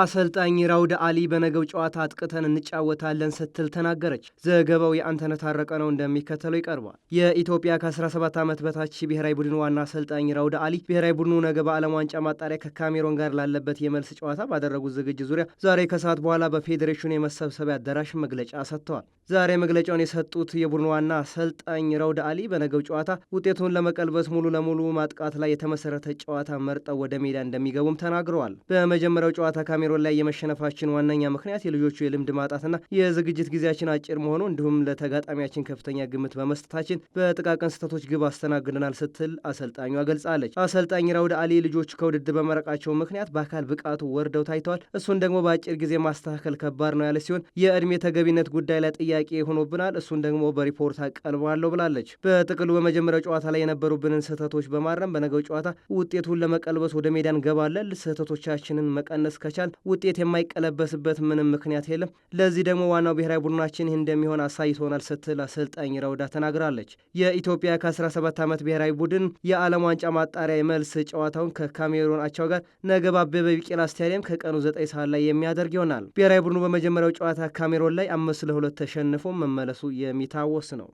አሰልጣኝ ራውድ አሊ በነገው ጨዋታ አጥቅተን እንጫወታለን ስትል ተናገረች። ዘገባው የአንተነህ ታረቀ ነው፣ እንደሚከተለው ይቀርባል። የኢትዮጵያ ከ17 ዓመት በታች ብሔራዊ ቡድን ዋና አሰልጣኝ ራውድ አሊ ብሔራዊ ቡድኑ ነገ በዓለም ዋንጫ ማጣሪያ ከካሜሮን ጋር ላለበት የመልስ ጨዋታ ባደረጉት ዝግጅት ዙሪያ ዛሬ ከሰዓት በኋላ በፌዴሬሽኑ የመሰብሰቢያ አዳራሽ መግለጫ ሰጥተዋል። ዛሬ መግለጫውን የሰጡት የቡድን ዋና አሰልጣኝ ራውድ አሊ በነገው ጨዋታ ውጤቱን ለመቀልበስ ሙሉ ለሙሉ ማጥቃት ላይ የተመሰረተ ጨዋታ መርጠው ወደ ሜዳ እንደሚገቡም ተናግረዋል። በመጀመሪያው ጨዋታ ካሜሮን ላይ የመሸነፋችን ዋነኛ ምክንያት የልጆቹ የልምድ ማጣትና የዝግጅት ጊዜያችን አጭር መሆኑ እንዲሁም ለተጋጣሚያችን ከፍተኛ ግምት በመስጠታችን በጥቃቅን ስህተቶች ግብ አስተናግደናል ስትል አሰልጣኙ ገልጻለች። አሰልጣኝ ራውድ አሊ ልጆቹ ከውድድር በመረቃቸው ምክንያት በአካል ብቃቱ ወርደው ታይተዋል፣ እሱን ደግሞ በአጭር ጊዜ ማስተካከል ከባድ ነው ያለ ሲሆን የእድሜ ተገቢነት ጉዳይ ላይ ጥያቄ ሆኖብናል፣ እሱን ደግሞ በሪፖርት አቀልባለሁ ብላለች። በጥቅሉ በመጀመሪያው ጨዋታ ላይ የነበሩብንን ስህተቶች በማረም በነገው ጨዋታ ውጤቱን ለመቀልበስ ወደ ሜዳ እንገባለን። ስህተቶቻችንን መቀነስ ከቻል ይሆናል። ውጤት የማይቀለበስበት ምንም ምክንያት የለም። ለዚህ ደግሞ ዋናው ብሔራዊ ቡድናችን ይህ እንደሚሆን አሳይቶናል ስትል አሰልጣኝ ረውዳ ተናግራለች። የኢትዮጵያ ከ17 ዓመት ብሔራዊ ቡድን የዓለም ዋንጫ ማጣሪያ የመልስ ጨዋታውን ከካሜሩን አቻው ጋር ነገ በአበበ ቢቂላ ስታዲየም ከቀኑ 9 ሰዓት ላይ የሚያደርግ ይሆናል። ብሔራዊ ቡድኑ በመጀመሪያው ጨዋታ ካሜሮን ላይ አምስት ለሁለት ተሸንፎ መመለሱ የሚታወስ ነው።